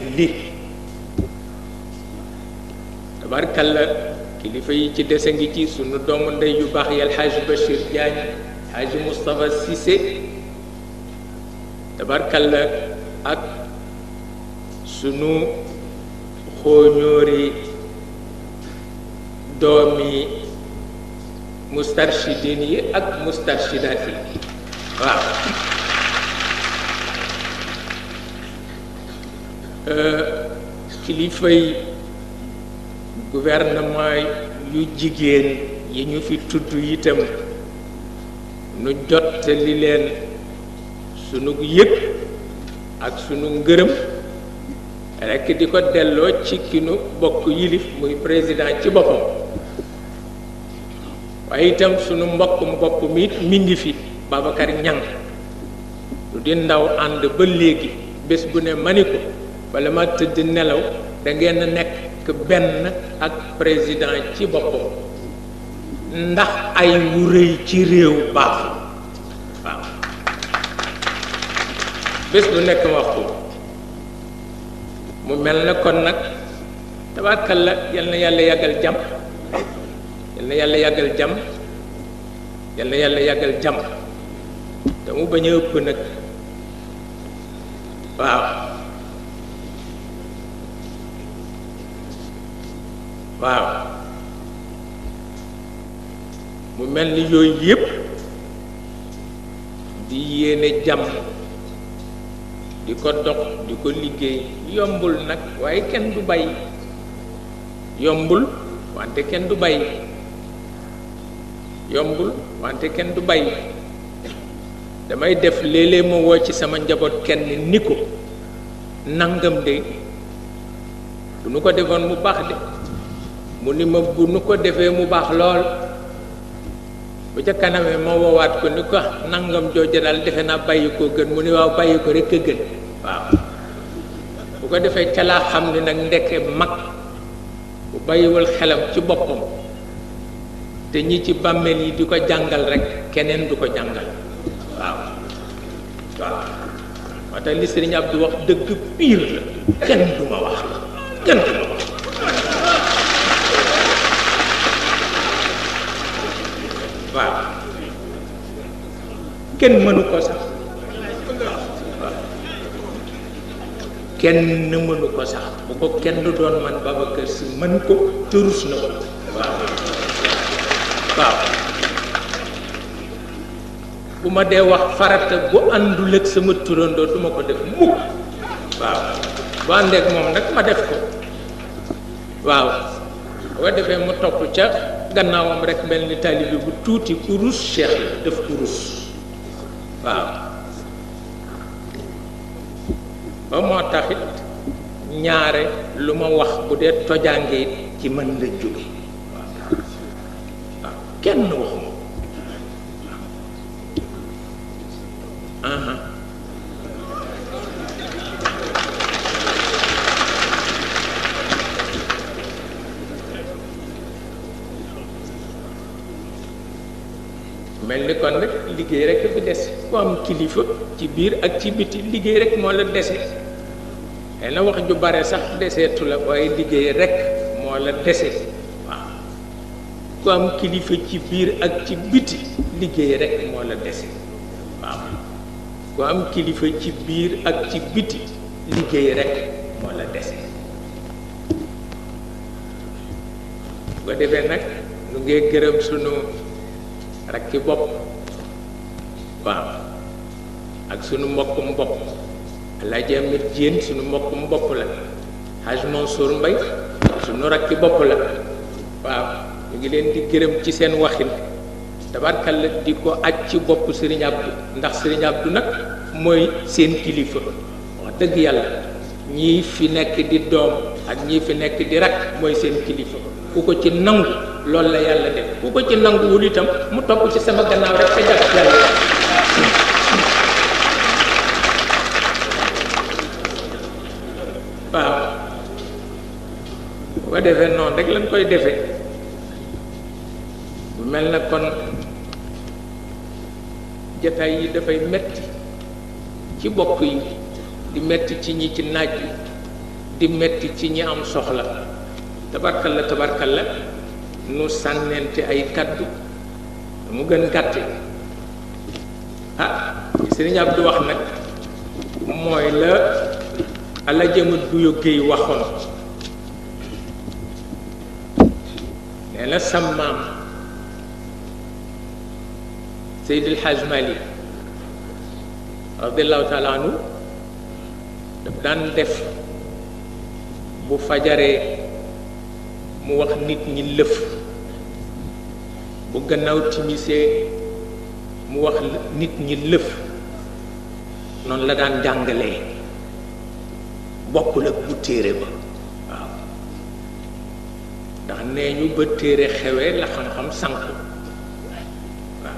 li tabarkalla kilifa yi ci dese ngi ci sunu doomu ndey yu baax yal xaaji Bachir Diagne xaaji Moustapha Cissé tabarkalla ak sunu xooñóori doomi mustarchidin yi ak mustarchidaat yi waaw Euh, kilifay gouvernement yu jigéen yi ñu fi tudd itam nu jottali leen sunu yëg ak sunu ngërëm rekk di ko delloo ci ki nu bokk yilif muy président ci boppam waaye itam sunu mbokkum bopp mi it mi ngi fi Babacar Ñang lu di ndaw ànd ba léegi bés bu ne mani bala ma tëdd nelaw da ngeen nekk benn ak président ci boppam ndax ay wu rëy ci réew baax waaw bés bu nekk wax ko mu mel na kon nag tabaakal la yal na yàlla yàggal jàmm yal na yàlla yàggal jàmm yal na yàlla yàggal jàmm te mu bañ a ëpp nag waaw waaw mu mel ni yooyu yépp di yéene jàmm di ko dox di ko liggéey yombul nag waaye kenn du bay yombul wante kenn du bay yombul damay def léeg-léeg ma woo ci sama njaboot kenn ni ko nangam de bu nu ko defoon mu baax de mu ni ma bu nu ko defee mu baax lool bu ca kanamee ma woowaat ko ni ko nangam jooja daal defe naa bàyyi koo gën mu ni waaw bàyyi ko rek a gën waaw bu ko defee ca laa xam ne nag ndekke mag bu bàyyiwul xelam ci boppam te ñi ci bàmmeel yi di ko jàngal rek keneen du ko jàngal waaw waaw moo tax wax dëgg piir la kenn du ma wax kenn du waaw kenn mënu ko sax waaw kenn mënu ko sax bu ko kenn doon man Babacar Si mën ko turus na waaw waaw bu ma dee wax farata bu àndul ak sama turandoo duma ko def mukk waaw bu àndeek moom nag ma def ko waaw boo defee mu topp ca gannaawam rekk mel ni taalibe bu tuuti ku rus cheikh la def ku rus waaw ba moo taxit ñaare lu ma wax bu dee tojaange ci mën la jóge waaw kenn waxu liggéey rek dafa des ku am kilifa ci biir ak ci biti liggéey rek moo la dese ju bare sax deseetu la liggéey rek moo la dese waaw ku am kilifa ci biir ak ci biti liggéey rek moo la dese waaw ku am kilifa ci biir ak ci biti liggéey rek moo la dese bu ko nag nu ngay gërëm sunu rakki bopp waaw ak sunu mbokkum bopp alaaji amit jéen sunu mbokkum bopp la haj Mansour Mbay sunu rakki bopp la waaw ñu ngi leen di gërëm ci seen waxin tabarkalla di ko aj ci bopp sëriñ Abdu ndax sëriñ Abdu nag mooy seen kilifa wax dëgg yàlla ñii fi nekk di doom ak ñii fi nekk di rakk mooy seen kilifa ku ko ci nangu lool la yàlla def ku ko ci nangu wul itam mu topp ci sama gannaaw rek sa jàpp yàlla waaw bu ko defee noonu rek lañ koy defee bu mel na kon jataay yi dafay metti ci bokk yi di metti ci ñi ci naaj bi di metti ci ñi am soxla tabarkal la tabarkal la nu sànnente ay kaddu mu gën gàtte ah Sëriñ Abdou wax nag mooy la Alaaji Duyo Géey waxoon nee na sa maam Seydil Hadj Mali daf daan def bu fajaree mu wax nit ñi lëf bu gannaaw timisee mu wax nit ñi lëf noon la daan jàngalee bokkul ak bu téere ba waaw ndax nee ñu ba téere xewee la xam-xam sànq waaw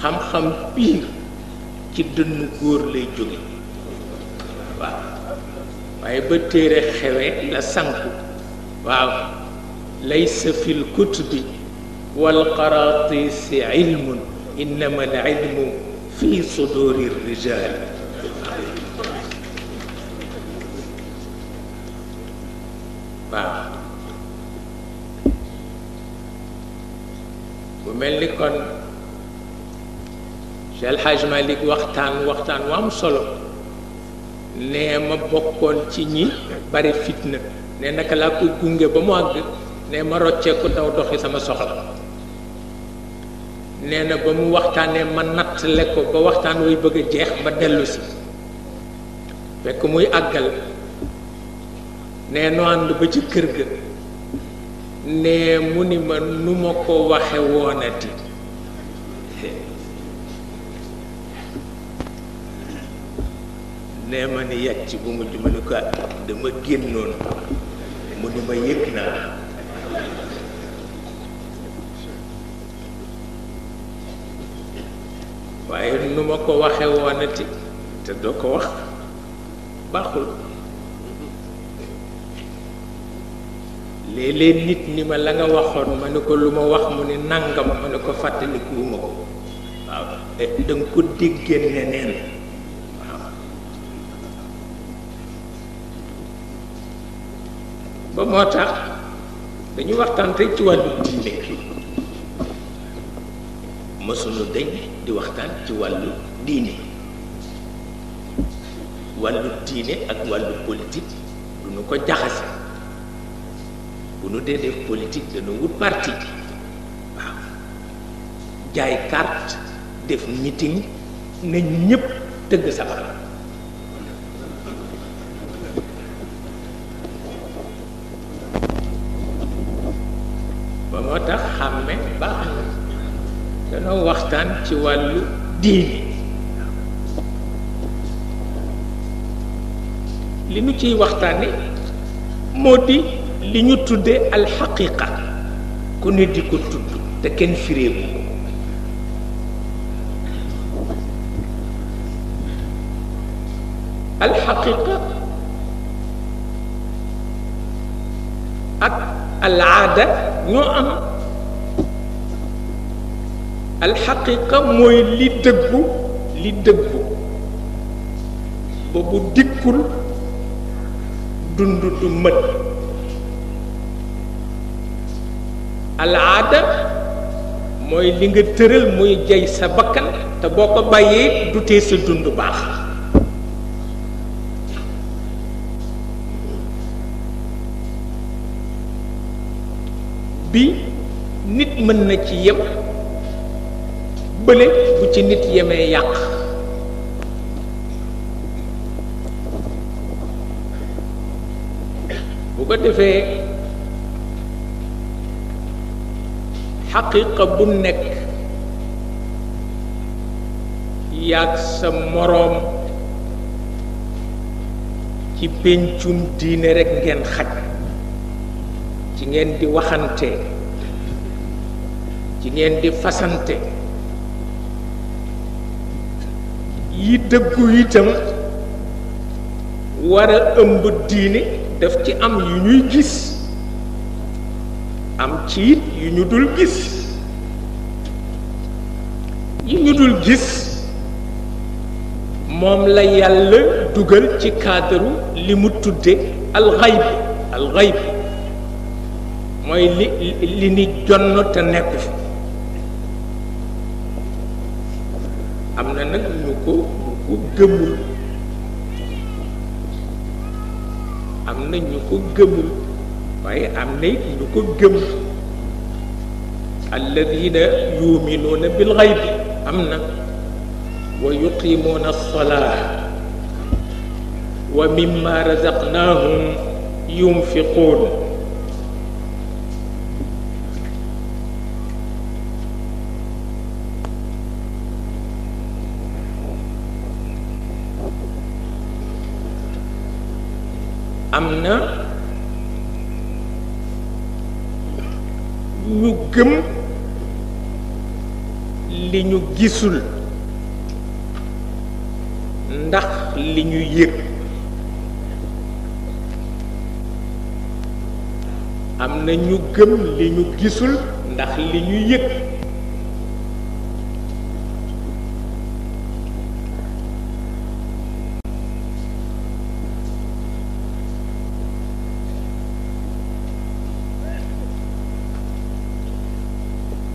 xam-xam piir ci dënn góor lay jóge waaw waaye ba téere xewe la sànq waaw laysa fil kutubi wal qaraatisi ilmun innama al ilmu fi suduri rijal waaw bu mel ni kon Cheikh El Hadj Malick waxtaan waxtaan wu am solo nee ma bokkoon ci ñi bari fitna ne naka laa koy gunge ba mu àgg ne ma roccee ko daw doxi sama soxla nee na ba mu waxtaanee ma natt ko ba waxtaan wuy bëgg jeex ba dellu si fekk muy àggal nee nu ànd ba ci kër ga nee mu ni ma nu ma ko waxe woonati nee ma ni yàgg ci bu mujj ma ni ko ah, dama génnoon mu ni ma yëg naa waaye nu ma ko waxe woonati te doo ko wax baaxul léeg-léeg nit ni ma la nga waxoon ma ne ko lu ma wax mu ne nangam ma ne ko fàttalikuwuma ko waaw da ko déggee neneen waaw ba moo tax dañuy waxtaan rek ci wàllu diine mësuñu dañ di waxtaan ci wàllu diine wàllu diine ak wàllu politik du ñu ko jaxase bu ñu dee def politique dañu wut parti waaw jaay carte def meeting nañ ñëpp tëgg sabar ba moo tax xàmme baax danoo waxtaan ci wàllu diine li ñu ciy waxtaane moo di li ñu tudde alxaqiqa ku ne ko tudd te kenn firéebu alxaqiqa ak alaada ñoo am alxaqiqa mooy li dëggu li dëggu boobu dikkul dund du mët alaada mooy li nga tëral muy jay sa bakkan te boo ko bàyyee du tee sa dund baax bi nit mën na ci yem bële bu ci nit yemee yàq bu ko defee xaqiqa bu nekk yàgg sa moroom ci péncum diine rekk ngeen xaj ci ngeen di waxante ci ngeen di fasante yi dëggu itam war a ëmb diine daf ci am yu ñuy gis am ci it yu ñu dul gis yu ñu dul gis moom la yàlla dugal ci cadre li mu tudde alxayb alxayb mooy li li ni jonn te nekku am na nag ñu ko ñu ko gëmul am na ñu ko gëmul waaye am na it ñu ko gëm alladina yuminuuna bil xayb am na wa yuqimuuna alsolaa wa mimma razaqnaahum yunfiquun am na ñu gëm li ñu gisul ndax li ñu yëg am na ñu gëm li ñu gisul ndax li ñu yëg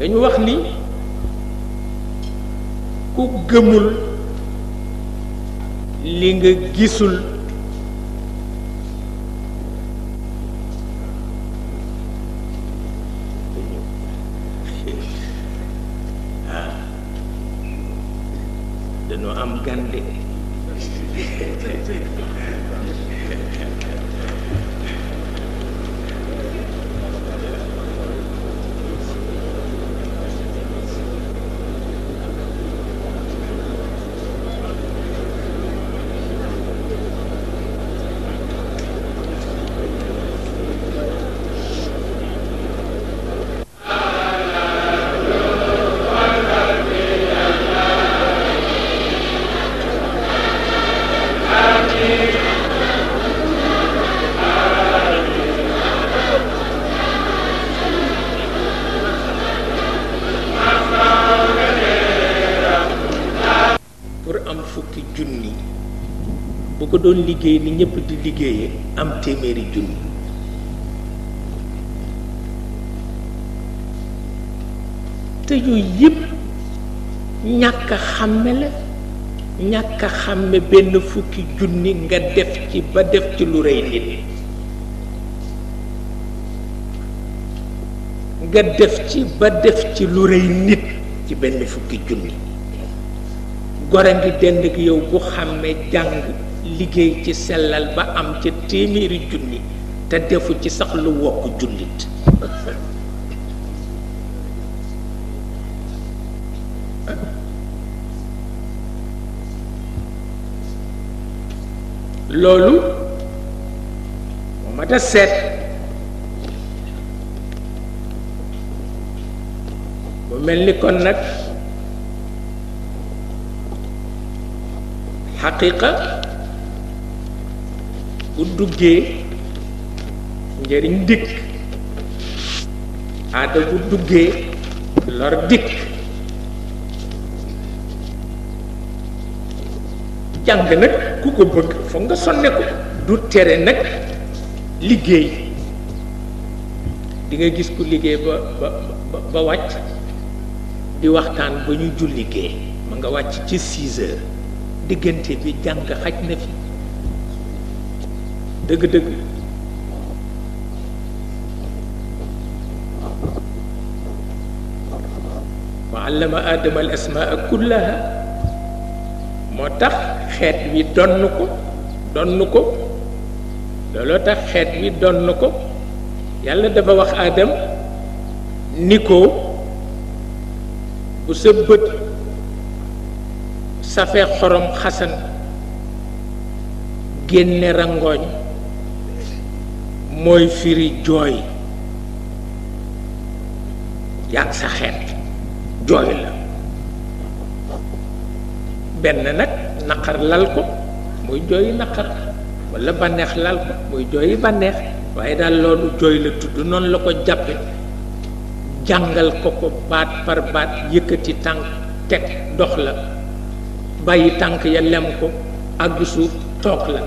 dañu wax ni ku gëmul li nga gisul doon liggéey ni ñëpp di liggéeyee am téeméeri junni te yooyu yëpp ñàkk xàmme la ñàkk xàmme benn fukki junni nga def ci ba def ci lu rëy nit nga def ci ba def ci lu rëy nit ci benn fukki junni gor a ngi dend ak yow bu xàmmee jàng liggéey ci sellal ba am ca téeméeri junni te defu ci sax lu wokk jullit loolu mu mat a seet bu mel ni kon nag xaqiqa bu duggee njëriñ dikk aada bu duggee lor dikk jàng nag ku ko bëgg foog nga sonne ko du tere nag liggéey di nga gis ku liggéey ba ba ba wàcc di waxtaan ba ñu julligee ma nga wàcc ci six heures diggante bi jàng xaj na fi dëgg-dëgg wa allama aadama al asmaa kullaha moo tax xeet wi donn ko donn ko looloo tax xeet wi donn ko yàlla dafa wax aadam ni ko bu sa bët safee xorom xasan génne rangooñ mooy firi jooy yàgg sa xeet jooy la benn nag naqar lal ko muy jooyi naqar walla bànneex lal ko muy jooyi bànneex waaye daal loolu jooy la tudd noonu la ko jàppe jàngal ko ko baat par baat yëkkati tànk teg dox la bàyyi tànk ya lem ko àgg suuf toog la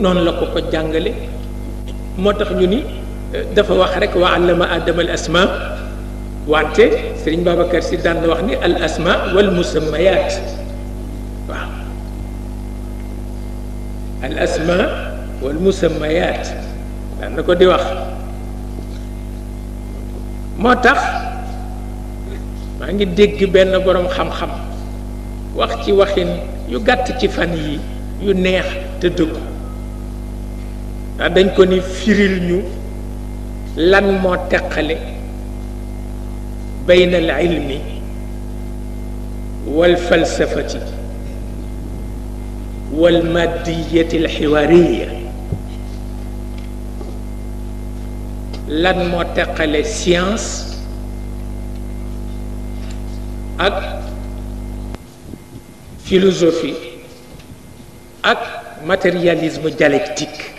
noonu la ko ko jàngale moo tax ñu ni euh, dafa wax rekk wa allama adama al wante sëriñ Babacar si daan wax ni al asma wal musammayat waaw al asma wal musammayat daan ko di wax moo tax maa ngi dégg benn boroom xam-xam wax ci waxin yu gàtt ci fan yi yu neex te dëggu ndax ah, dañ ko ni firil ñu lan moo teqale bayn al ilmi wal falsafati wal maddiyati al xiwaariya lan moo teqale science ak philosophie ak matérialisme dialectique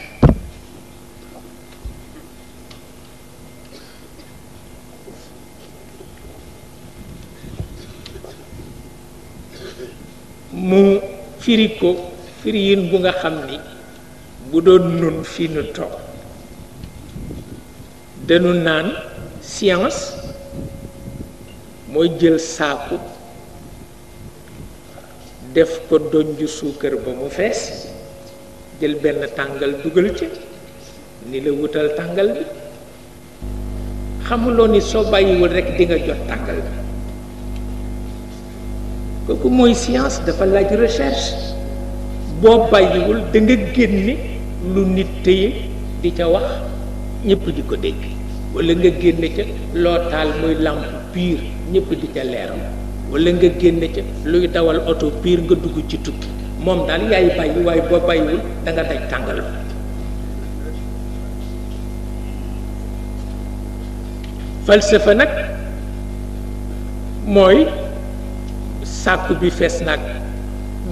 mu firi ko firiin bu nga xam ni bu doon nun fi nu toog dañu naan science mooy jël saaku def ko donju suukar ba mu fees jël benn tàngal dugal ci ni la wutal tàngal bi xamuloo ni soo bàyyiwul rekk di jot tàngal bi kooku mooy science dafa laaj recherche boo bàyyiwul da nga génne lu nit téye di ca wax ñépp di ko dégg wala nga génne ca loo taal muy làmp piir ñëpp di ca leeral wala nga génne ca luy dawal oto piir nga dugg ci tukki moom daal yaay bàyyi waaye boo bàyyiwul da daj tàngal falsafa nag mooy sàkku bi fees nag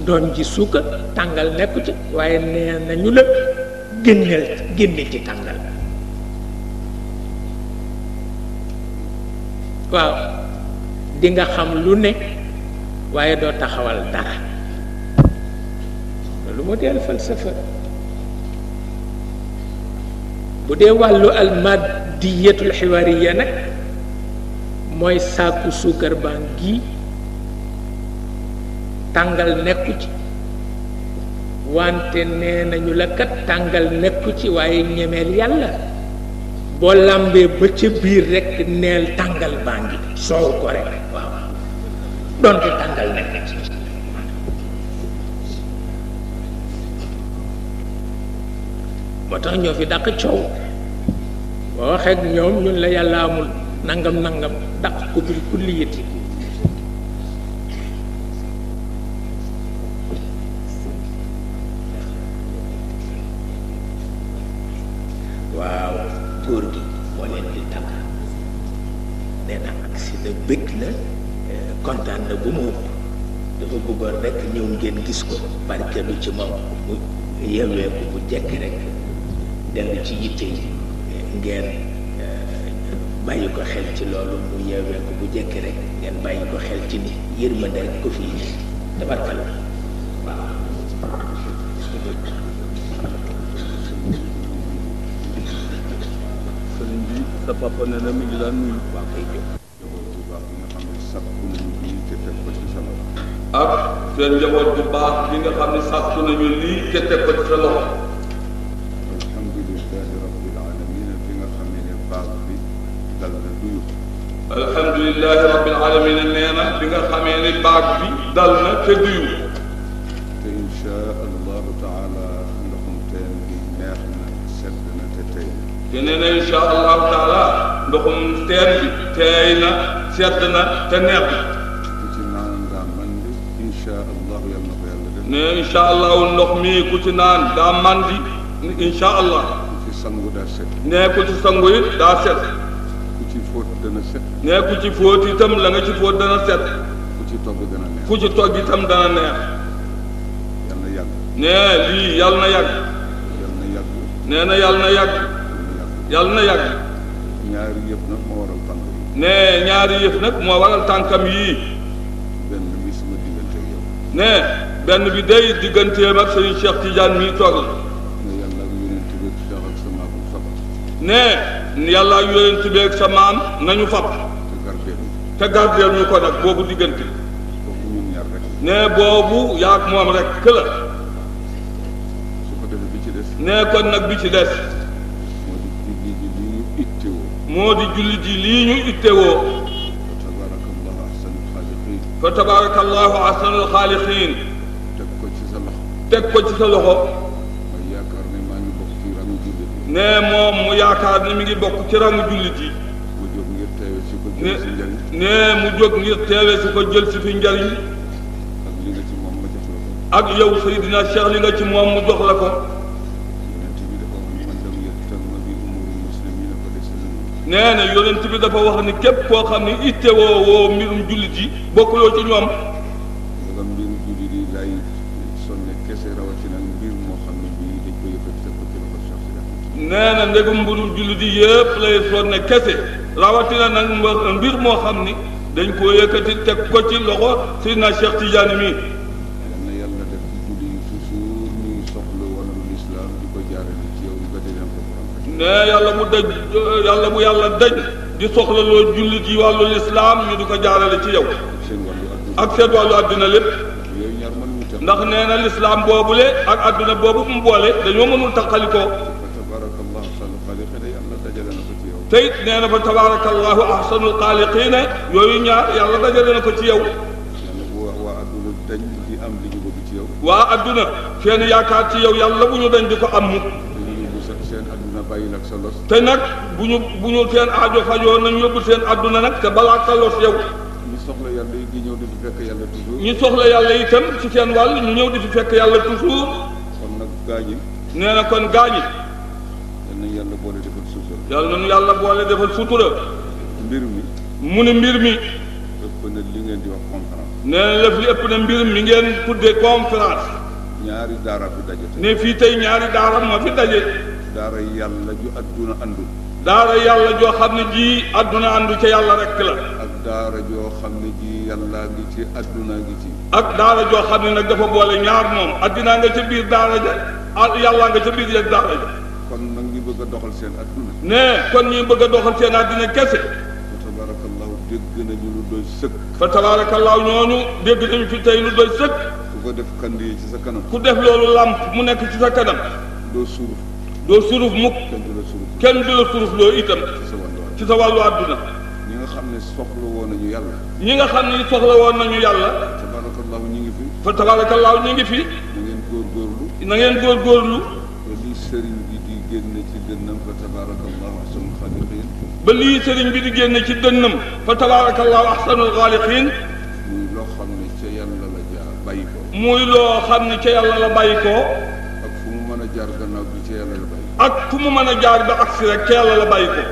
doom ji suuka tàngal nekku ci waaye nee nañu la génneel génne ci tàngal waaw di nga xam lu ne waaye doo taxawal dara loolu moo dee al falsafa bu dee wàllu al maddiyatul xiwaariya nag mooy sàkku suukar baa ngi tàngal nekku ci wante nee nañu la kat tàngal nekku ci waaye ñemeel yàlla boo làmbee ba ca biir rekk neel tàngal baa ngi soow ko rek waaw donte tàngal nekk ci moo tax ñoo fi daq coow boo waxee ñoom ñun la yàlla amul nangam nangam dàq ko bil kulliyati Eh, kontaan na bu mu dafa bëggoon rekk ñëw ngeen gis ko bi ci moom bu yewwee bu jekk rekk dellu ci yitte yi eh, ngeen eh, bàyyi ko xel ci loolu mu yewwee bu jekk rekk ngeen bàyyi ko xel ci ni ma rekk ko fi indi tabarkal waaw sëriñ bi ak seen njaboot bu baax bi bi nga xam ne bi dal na duyu. alhamdulilahi rabbil alamin nee na bi nga xamee ne te duyu. te incha allahu te tey. te nee na incha allahu te neex na. ne incha allahu ndox mi ku ci naan daa màndi incha allah. ku ci sangu daa set. ne ku ci sangu it daa set. ku ci fóot dana set. ku ci la nga ci fóot dana set. ku ci togg dana neex. ku ci togg itam dana neex. yal na yàgg. ne lii yal na yàgg. na yàgg. nee na yal yàgg. yal yàgg. ñaari yëf nag moo waral tànkam yi. ne yii. benn benn bi day digganteem ak sëriñ Cheikh Tidiane mi toog ne yàlla ak yonent bi ak sa maam nañu fab te gardeel ñu ko nag boobu diggante ne boobu yaa ak moom rek këla ne kon nag bi ci des moo di jullit yi lii ñu ittewoo fa tabarakallahu ahsanul xaaliqiin teg ko ci sa loxo. ne moom mu yaakaar ni mi ngi bokk ci rangu jullit yi. ne ne mu jóg ngir teewe si ko jël si fi njariñ. ak yow Seydina Cheikh li nga ci moom mu jox la ko. nee na yonent bi dafa wax ni képp koo xam ne ittewoo woo mbirum jullit yi bokkuloo ci ñoom. nee na ndegum mbirum jullit yi yëpp lay sonne kese moo xam ni dañ koo yëkkati teg ko ci loxo Seydina Cheikh Tidiane mi. ne yàlla mu daj yàlla mu yàlla daj di soxla loo jullit yi wàllu lislaam ñu di ko jaarale ci yow ak seen wàllu àddina lépp ndax nee na lislaam boobule ak àdduna boobu mu dañoo mënul taqali te it nee na ba tabaarakallaahu ahsanul xaaliqiina yooyu ñaar yàlla dajale na ko ci yow. waa adduna seen yaakaar ci yow yàlla bu ñu dañ di ko am mukk te nag bu ñu bu ñu seen aajo fajoo nañ yóbbu seen adduna nag te balaa ka los yow ñi soxla yàlla yi di ñëw di fi fekk yàlla toujours ñi soxla yàlla itam ci seen wàll ñu ñëw di fi fekk yàlla toujours kon nag gaañi nee na kon gaañi yàlla nañu yàlla boole defal sutura. mbir mi. mu ne mbir mi. ëpp na li ngeen di wax conférence. nee na li ëpp na mbir mi ngeen tuddee conférence. ñaari daara fi daje. ne fii tey ñaari daara fi daje. daara yàlla ju adduna andu. daara yàlla joo xam ne ji adduna andu ca yàlla rek la. ak daara joo xam ne ji yàlla ngi ci adduna ngi ci. ak daara joo xam ne nag dafa boole ñaar moom addinaa nga ca biir daara ja yàlla nga ca biir daara ja. bëgg a doxal seen adduna. ne kon ñuy bëgg a doxal seen adduna kese. fa tabaarakallaahu dégg nañu lu doy sëkk. fa tabaarakallaahu ñooñu dégg nañu fi tey lu doy sëkk. ku ko def kand yi ci sa kanam. ku def loolu làmp mu nekk ci sa kanam. doo suuruf. doo suruf mukk kenn du la suruf loo itam ci sa wàllu àdduna ñi nga xam ne soxla woon nañu yàlla ñi nga xam ne soxla woon nañu yàlla tabaarakallaahu ñi ngi fi fa tabaarakallaahu ñi ngi fi na ngeen góorgóorlu na ngeen góorgóorlu ba li sëriñ bi di génne ci dënnam fa tabaarakallahu ahsanul xaaliqiin ba lii sëriñ bi di génn ci dënnam fa tabaarakallahu ahsanul xaaliqiin muy loo xam ne ca yàlla la jaar bàyyi ko muy loo xam ne ca yàlla la bàyyi ko ak fu mu mën a jaar gannaaw bi ca yàlla la bàyyi ko ak fu mu mën a jaar ba agsi rek ca yàlla la bàyyi ko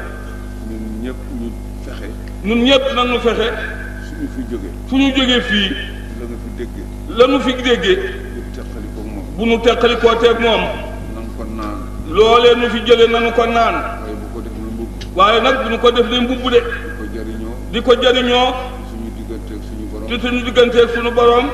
ñun ñëpp ñu fexe ñun ñëpp nag ñu fexe suñu fi jógee suñu jógee fii la nu fi déggee la nu fi déggee bu nu teqalikoo teeg moom loolee nu fi jëlee nanu ko naan. waaye bu ko def lu mbubb. waaye nag bu ñu ko def di mbubb de. di ko jëriñoo. di ko jëriñoo. suñu digganteeg suñu borom. di suñu digganteeg suñu borom.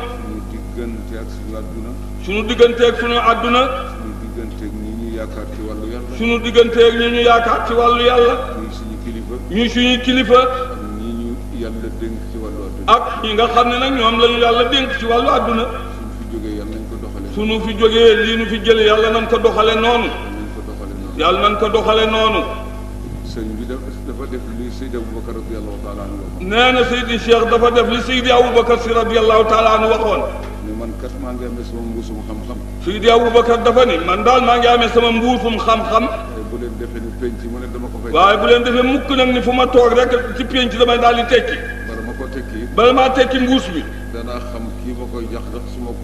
suñu digganteeg suñu àdduna. suñu digganteeg suñu àdduna. suñu digganteeg ñi ñu yaakaar ci wàllu yàlla. suñu digganteeg ñi ñu yaakaar ci wàllu yàlla. ñuy suñu kilifa. ñuy suñu kilifa. ak ñi ñu yàlla dénk ci wàllu àdduna. ak ñi nga xam ne nag ñoom la ñu yàlla dénk ci wàllu àdduna. suñu fi jógee lii nu fi jële yàlla nañ ko doxale noonu yàlla nañ ko doxale noonu. sëñ bi dafa def li Seydi Aboubacar radiyallahu taala anhu waxoon. nee na Seydi Cheikh dafa def li Seydi Aboubacar si radiyallahu taala anhu waxoon. ne man kat maa ngi amee sama mbuusum xam-xam. Seydi Aboubacar dafa ni man daal maa ngi amee sama mbuusum xam-xam. bu leen defee ni penc mu ne dama ko fay. bu leen defee mukk nag ni fu ma toog rek ci penc damay daal di tekki. bala ma ko tekki. bala maa tekki mbuus bi. danaa xam kii ma koy jax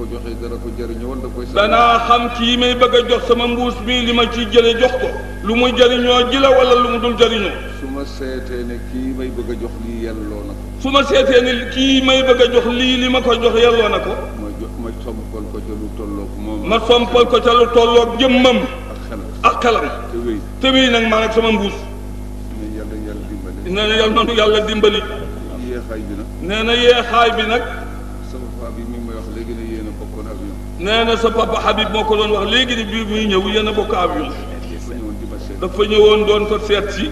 da koy. danaa xam kii may bëgg a jox sama mbuus bi li ma ciy jële jox ko lu muy jariñoo ji la wala lu mu dul jëriñoo. su ma seetee ne kii may bëgg a jox lii yelloo na su ma seetee ne kii may bëgg jox lii li ma ko jox yelloo na ko. ma jox ma sompal ko ca lu tolloog moom. ma sompal ko ca lu tolloog jëmmam. ak xelam te wéy. te wéy nag ma nag sama mbuus. nee na yàlla na yàlla dimbali. na yeexaay bi nag. nee na yeexaay bi nag. nee na sa papa Habib moo ko doon wax léegi ni bii muy ñëw yéen a bokk avion dafa ñëwoon doon ko seet si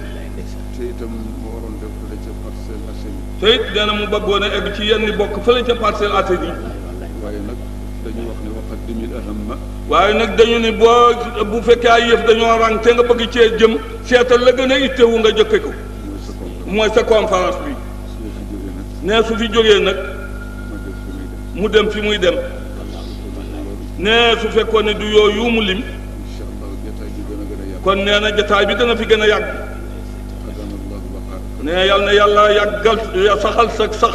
te it nee na mu bëggoon a egg ci yenn bokk fële ca Parcelles Assainies waaye nag dañu wax ne waxat dimil aham waaye nag dañu ne boo bu fekkee ay yëf dañoo ràng te nga bëgg cee jëm seetal la gën a ittewu nga jëkke ko mooy sa conférence bi nee su fi jógee nag mu dem fi muy dem nee su fekkoon ne du yooyu mu lim kon nee na jataay bi dana fi gën a yàgg nee yal na yàlla yàggal saxal sa sax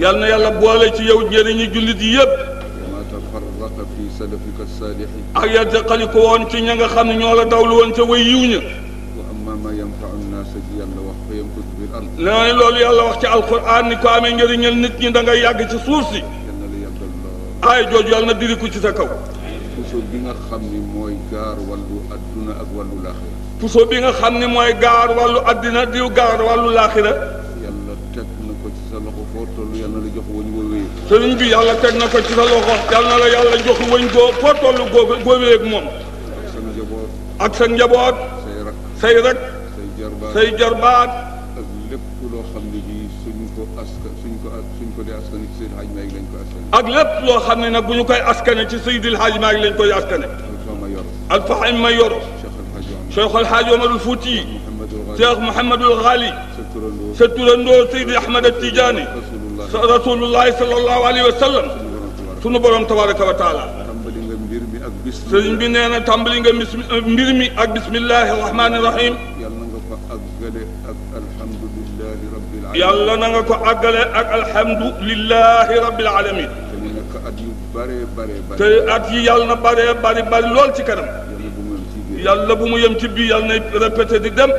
yal na yàlla boole ci yow njëriñu jullit yi yépp ak ya teqali ko woon ci ña nga xam ne ñoo la dawlu woon ca way yiw ña nee loolu yàlla wax ci alquran ni ko amee njëriñal nit ñi da ngay yàgg ci suuf si aay jooju yàlla na diri ci sa kaw. puso bi nga xam ni mooy gaar wàllu adduna ak wàllu laaxira. puso bi nga xam ni mooy gaar wàllu addina diw gaar wàllu laaxira. yàlla teg na ko ci sa loxo foo toll yàlla na jox wëñ woo wéyeeg. sëriñ bi yàlla teg na ko ci sa loxo yàlla na yàlla jox wëñ goo foo toll goo goo moom. ak sa njaboot. ak sa njaboot. say rak say jarbaat say jarbaat. lépp loo xam ne bii suñ ko askan suñ ko suñ ko dee askan wi ci seen xaaj may lañ ko askan. ak lépp loo xam ne nag bu ñu koy askane ci Seydil Hadji Malick lañ koy askane alfaxam ma yor Cheikh El Hadji Omar Fouti Cheikh Mouhamadul Ghali sa turandoo Seydi Ahmad Tidiane rasulullahi sallallahu alayhi wa sallam sunu borom tabaraka wa taala sëriñ bi nee na tàmbali nga mbir mi ak bismillahi rahmaani rahim yàlla na nga ko àggale ak yàlla na nga ko àggale ak alhamdulilahi rabbil alamin te nee na ko at yu bëree bëree bëri. te at yi yàlla na bëree bëri bëri lool ci kanam. yàlla bu mu yem ci biir yàlla nay répété di dem.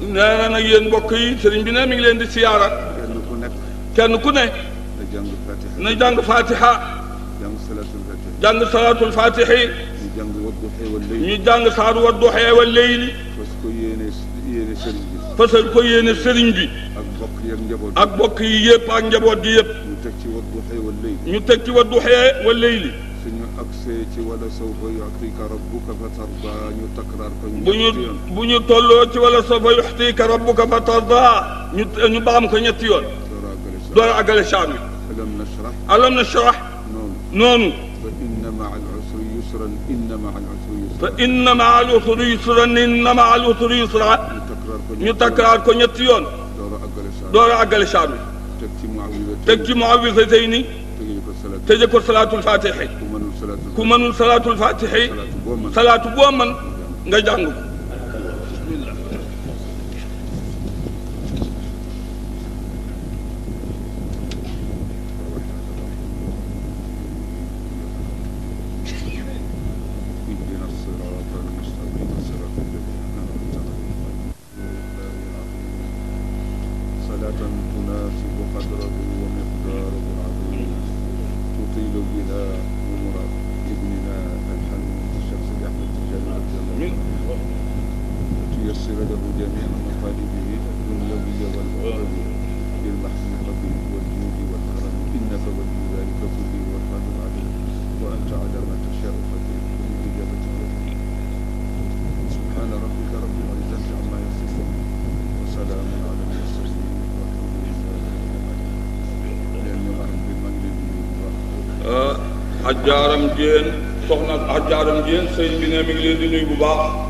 nee na nag yéen mbokk yi sëriñ bi ne mi ngi leen di siyaara. kenn ku ne. kenn ku ne. na jàng fatiha. na jàng fatiha. jàng salatul fatiha. jàng salatul fatiha. ñu jàng saaru wadduha wal layli. parce que yéene yéene sëriñ bi. fasal ko yéene sëriñ bi. ak mbokk yi ak njaboot yi ak mbokk yi yëpp ak njaboot gi yëpp. ñu teg ci wadduxee wal layli. ñu teg ci wadduxee wal layli. suñu agsee ci wala sawfa yuxtika rabbuka fa tardaa ñu takraar ko. bu ñu bu ñu tolloo ci wala sawfa yuxtika rabbuka fa tardaa ñu ñu baam ko ñetti yoon. door a àggale saa mi. alam nashrah. alam nashrah. noonu. fa inna maa al usri yusran inna maa al usri yusran. fa inna maa al usri yusran inna maa al usri yusran. ko ñu takkaraat ko ñetti yoon. door a àggale saar bi teg ci muawwisatayni tëje ko salaatul faatixi ku mënul salaatul faatixi salaatu boo man nga jàng ak jaaram jéen soxna ak jaaram jéen sëñ bi ne mi ngi leen di nuyu bu baax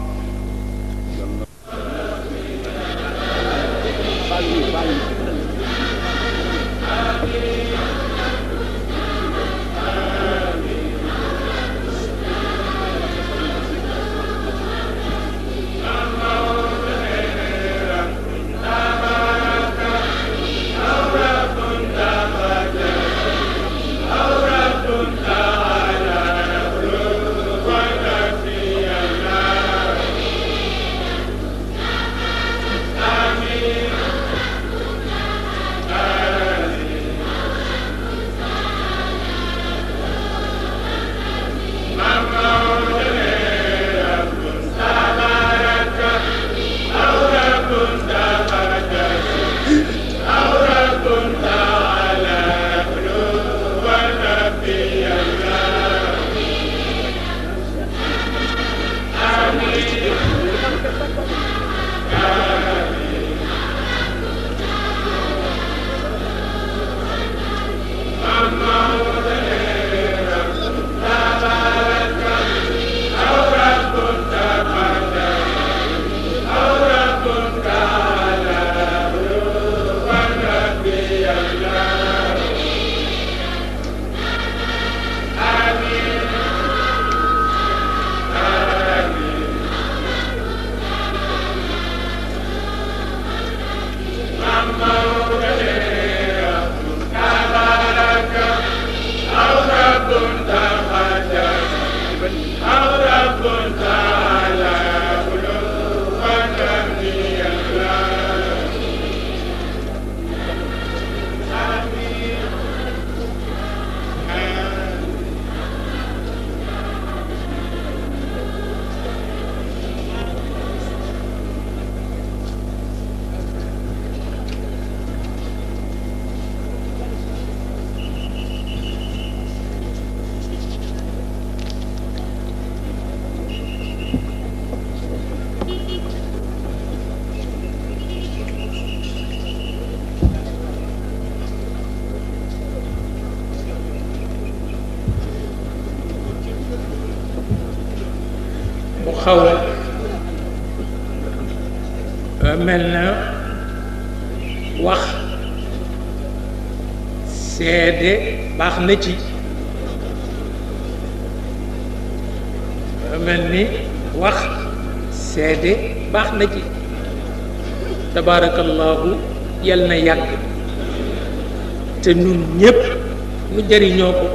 mel na wax seede baax na ci mel ni wax seede baax na ci tabaarakallaahu yal na yàgg te nun ñépp nu jëriñoo ko